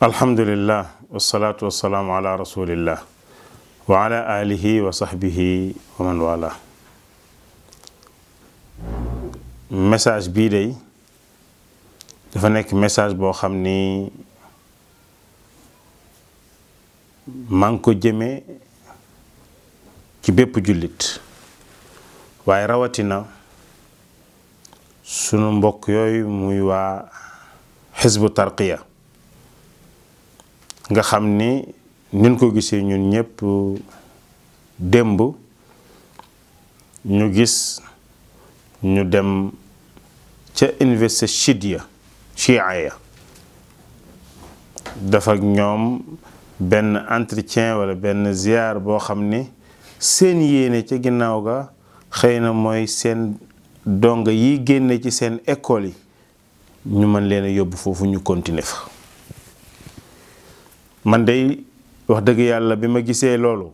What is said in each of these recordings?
alhamdulillah wasalaatu wasalaamu ala rasulillah wa ala alihi wa sahbihi wa man wala message bii day dafa nekk message boo xam ni maa ngi ko jëmee ci bépp jullit waaye rawatina sunu mbokk yooyu muy waa xisbu tarqiya nga xam ni nin ko gisee ñun ñëpp démb ñu gis ñu dem ca université chidia chia ya dafa ak ñoom benn entretien wala benn ziar boo xam ni seen yéene ca ginnaaw ga xëy na mooy seen donga yi génne ci seen école yi ñu mën leen a yóbbu foofu ñu continuer fa man day wax dëgg yàlla bi ma gisee loolu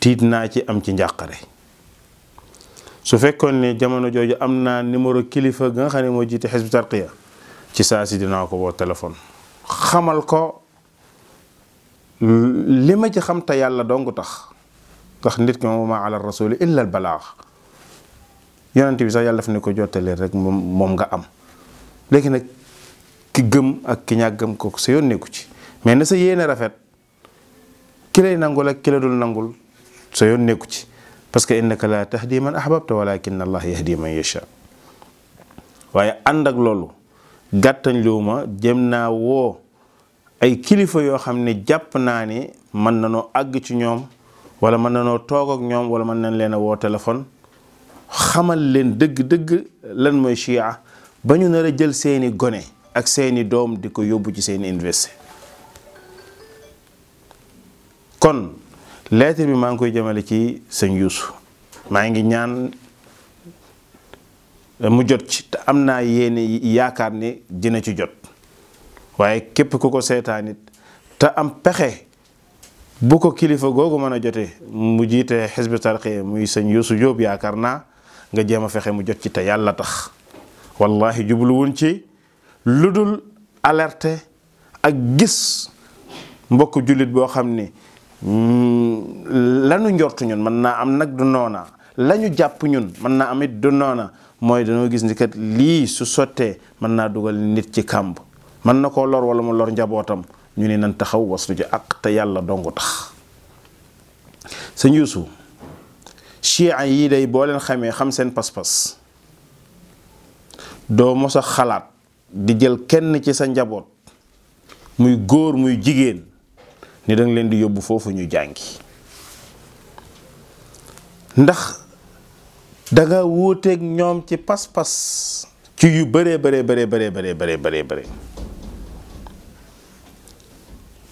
tiit naa ci am ci njàqare su fekkoon ne jamono jooju am naa numéro kilifa ga nga xam ne moo jiite xisbu tarqiya ci saa si dinaa ko woo téléphone xamal ko li ma ci xam te yàlla dong tax ndax nit ki moom maa ala rasuli illa balaax yonent bi sax yàlla daf ne ko jottaleen rek moom moom nga am léegi nag ki gëm ak ki gëm kook sa yoon nekku ci mais na sa yéene rafet ki lay nangul ak ki nangul sa yoon nekku ci parce que laa la di man ahbabta walakin allah di man yasha waaye ànd ak loolu gàttañ liwuma jëm naa woo ay kilifa yoo xam ne jàpp naa ni mën nanoo àgg ci ñoom wala mën nanoo toog ak ñoom wala mën nañ leen a woo téléphone xamal leen dëgg-dëgg lan mooy chia ba ñu na a jël seeni gone ak seeni doom di ko yóbbu ci seeni université kon lettre bi maa ngi koy jëmale ci sëñ Youssou maa ngi ñaan mu jot ci te am naa yéene yaakaar ni dina ci jot waaye képp ku ko seetaan it te am pexe bu ko kilifa googu mën a jote mu jiite xisbi tarqiya muy sëñ Youssou Diop yaakaar naa nga jéem a fexe mu jot ci te yàlla tax wallahi jubluwuñ ci lu dul alerter ak gis mbokk jullit boo xam ni mm, lanu njortu ñun mën naa am nag du noona la jàpp ñun mën naa am it du noona mooy dañoo gis ni kat lii su sottee mën naa dugal nit ci kàmb mën na koo lor wala mu lor njabootam ñu ni nan taxaw waslu ji ak te yàlla dongu tax sëñ Yuusu chia yii day boo leen xamee xam seen pas-pas doo mosa xalaat di jël kenn ci sa njaboot muy góor muy jigéen ni danga leen di yóbbu foofu ñu jàngi ndax danga wuuteeg ñoom ci pas-pas ci yu bëree bëree bëree bëree bëree bëree bëree bëree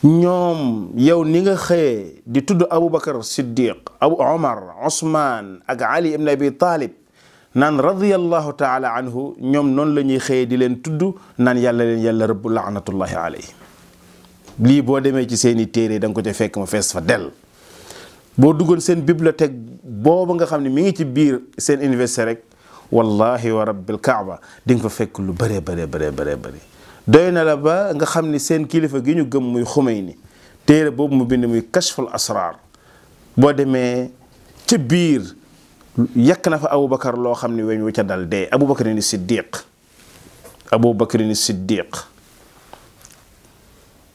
ñoom yow ni nga xëyee di tudd Aboubacar Siddiq Abu Omar Ousmane ak Ali ibn Abi Talib naan radiyallahu taala anhu ñoom noonu la ñuy xëyee di leen tudd naan yàlla leen yàlla rëbb laanatullahi alayhi lii boo demee ci seeni téere danga ko ca fekk ma fees fa dell boo duggoon seen bibliothèque booba nga xam ne mi ngi ci biir seen université rek wallahi wa rabbil kaaba di nga fa fekk lu bëree bëree bëree bëree bëri doy na la ba nga xam ni seen kilifa gi ñu gëm muy xumay ni téere boobu mu bind muy kashful asrar boo demee ca biir yàq na fa Aboubacar loo xam ne weñ wu ca dal dee Aboubacar ni Siddiq Aboubacar ni Siddiq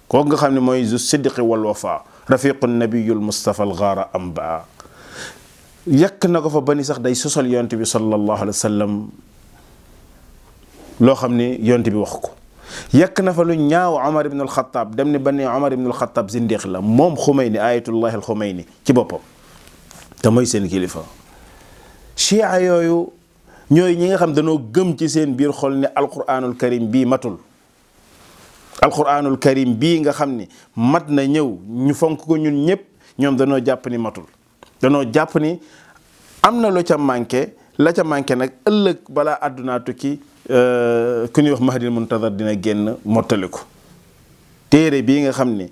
kooku nga xam ne mooy zu siddiqi wal wafa rafiqu nabiyul Mustafa al gaara amba yàq na ko fa ba ni sax day sosol yonte bi sallallahu alayhi wa sallam loo xam ne yonte bi wax ko yàq na fa lu ñaaw amar ibn al-Khattab dem ni ba ni Omar ibn al-Khattab la moom Khomeini ayatullahi al-Khomeini ci boppam te mooy seen kilifa. chia yooyu ñooy ñi nga xam dañoo gëm ci seen biir xol ne alquranul karim bii matul alquranul karim bii nga xam ni mat na ñëw ñu fonk ko ñun ñëpp ñoom danoo jàpp ni matul danoo jàpp ni am na lu ca manqué la ca manqué nag ëllëg balaa àddunaa tukki euh, ku ñuy wax mahdil muntazar dina génn mottali ko téere bii nga xam ni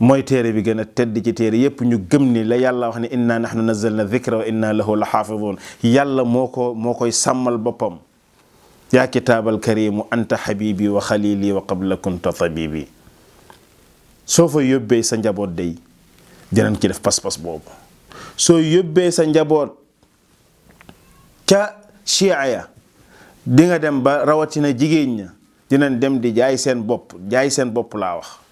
mooy téere bi gën a tedd ci téere yépp ñu gëm ni la yàlla wax ne inna nahnu na dhikra wa inna lahu la xaafidun yàlla moo ko moo koy sàmmal boppam yaa kitaabal karimu anta xabibi wa xalili wa qabla kunta tabibi soo fa yóbbee sa njaboot day dinañ ci def pas-pas boobu soo yóbbee sa njaboot ca chia ya dinga dem ba rawatina jigéen ña dinañ dem di jaay seen bopp jaay seen bopp laa wax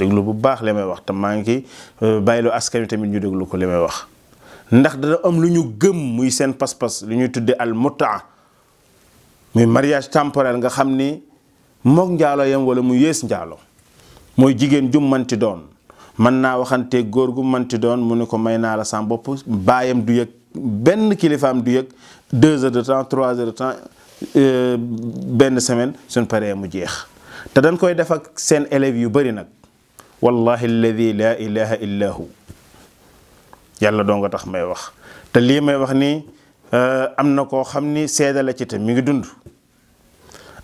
déglu bu baax li may wax te maa ngi euh, bàyyiloo askan wi tamit ñu déglu ko li may wax ndax dana am lu ñu gëm muy seen pas-pas lu ñuy tuddee al mutaa muy mariage temporel nga xam ni moog njaaloo yam wala mu yées njaaloo mooy jigéen ju manti doon mën naa waxante góor gu manti doon mu ne ko may naa la sam bopp baayam du yëg benn kilifaam du yëg deux heures de temps trois heures de temps euh, benn semaine suñ paree mu jeex te dañ koy def ak seen élèves yu bari nag wallahi alladi laa ilaha illa hu yàlla doo nga tax may wax te lii may wax ni eh, am na koo xam ni seede la ci te mi ngi dund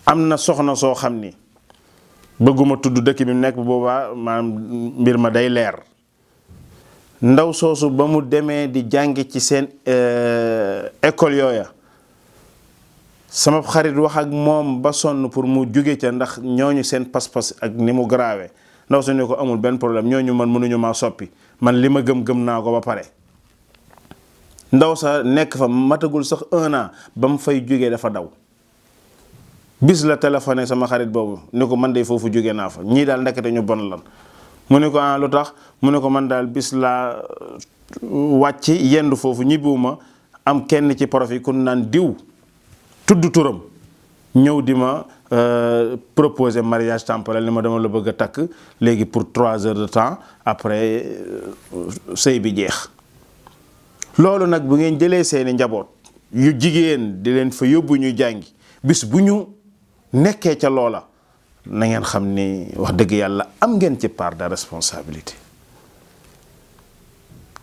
am na soxna soo xam ni bëgguma tudd dëkk bi mu nekk boobaa maanaam mbir ma day leer ndaw soosu ba mu demee di jàngi ci seen eh, école yooya sama xarit wax ak moom ba sonn pour mu juge ca ndax ñooñu seen pas-pas ak ni mu garaawe ndaw su ne ko amul benn problème ñu man munuñu maa soppi man li ma gëm-gëm naa ko ba pare ndaw sa nekk fa matagul sax un ba mu fay jógee dafa daw bis la téléphoné sama xarit boobu ni ko man de foofu jógee naa fa ñii daal ndekete ñu bon lan mu ne ko ah lu tax mu ne ko man daal bis laa euh, wàcc yendu foofu ñibbiwuma am kenn ci profit kun naan diw tudd turam ñëw di ma Euh, proposer mariage temporel ni ma dama la bëgg a takk léegi pour trois heures de temps après euh, sëy bi jeex loolu nag bu ngeen jëlee seeni njaboot yu jigéen di leen fa yóbbu ñuy jàngi bis bu ñu nekkee ca loola na ngeen xam ni wax dëgg yàlla am ngeen ci part de responsabilité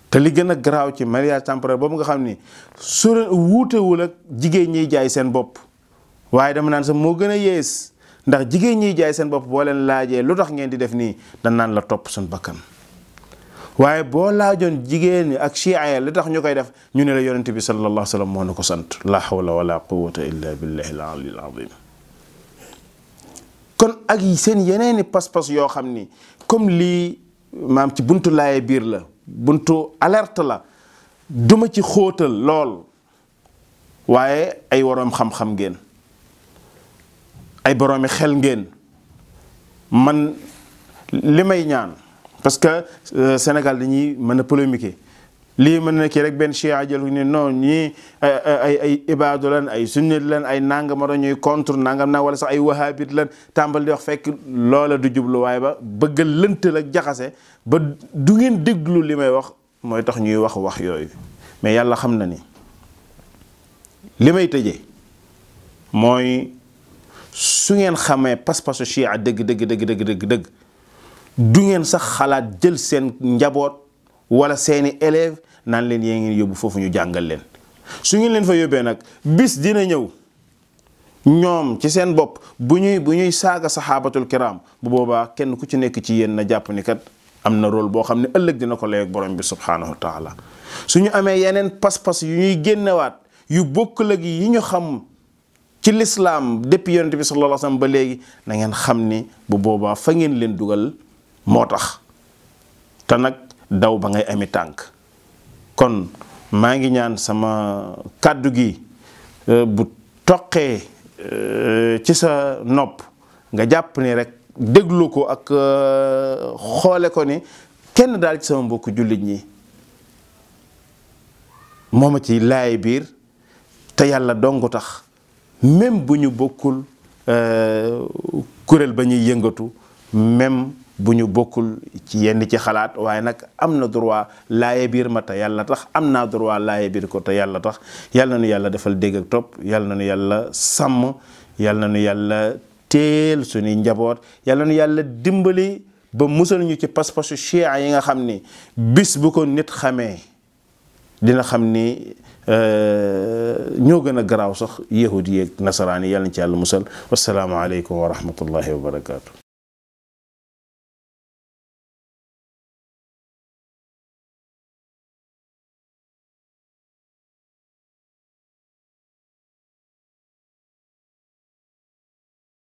te li gën a garaaw ci mariage temporel boobu nga xam ni su wuutewul ak jigéen ñiy jaay seen bopp waaye dama naan sax moo gën a yées ndax jigéen ñi jaay seen bopp boo leen laajee lu tax ngeen di def nii dañ naan la topp suñ bakkan waaye boo laajoon jigéen ñi ak chia lu tax ñu koy def ñu ne la yonent bi sallallahu alayhi wa sallam moo na ko sant la hawla wala quwwata illa billahi al-aliyyil azim kon ak seen yeneeni pas-pas yoo xam ni comme lii maam ci buntu laaye biir la buntu alerte la duma ci xóotal lool waaye ay waroom xam-xam ngeen ay boroomi xel ngeen man li may ñaan parce que euh, Sénégal dañuy mën a polémiquer lii mën na kii rek benn chia jël ne non ñii ay ay ibaadu lan ay sunnit lan ay nangam ñuy contre nangam na wala sax ay wahabit lan tàmbal di wax fekk loola du jubluwaay ba bëgg a lëntal ak jaxase ba du ngeen déglu li may wax mooy tax ñuy wax wax yooyu mais yàlla xam na ni li may tëjee mooy. su ngeen xamee pas-pasu chia dëgg dëgg dëgg dëgg dëgg du ngeen sax xalaat jël seen njaboot wala seeni élève naan leen yee ngeen yóbbu foofu ñu jàngal leen su ngeen leen fa yóbbee nag bis dina ñëw ñoom ci seen bopp bu ñuy bu ñuy saaga saxaabatul kiram bu boobaa kenn ku ci nekk ci yenn na jàpp am na role boo xam ne ëllëg dina ko layoog boroom bi subhaanahu wa su ñu amee yeneen pas-pas yu ñuy génnewaat yu bokkul ak yi ñu xam ci lislaam depuis yonent bi sallallahu alayhi wasallam ba léegi na xam ni bu boobaa fa ngeen leen dugal moo tax te nag daw ba ngay ami tànk kon maa ngi ñaan sama kàddu gi euh, bu toqee euh, ci sa nopp nga jàpp ni rek déglu ko ak euh, xoole ko ni kenn daal ci sama mbokku jullit ñi mooma ci laay biir te yàlla dongu tax même bu ñu bokkul euh, kuréel ba ñuy yëngatu même bu ñu bokkul ci yenn ci xalaat waaye nag am na droit laaye biir ma te yàlla tax am naa droit laaye biir ko te yàlla tax yàlla nu yàlla defal déggal ak topp yàlla nu yàlla sàmm yàlla na nu yàlla teel suñuy njaboot yàlla nu yàlla dimbali ba musal ñu ci pas-pasu chia yi nga xam ni bis bu ko nit xamee dina xam ni Euh, ñoo gën a garaaw sax yahudi yeeg nasaraan yi yàlla na ci yàlla musal wasalaamualeykum wa rahmatullahi wa barakaatu.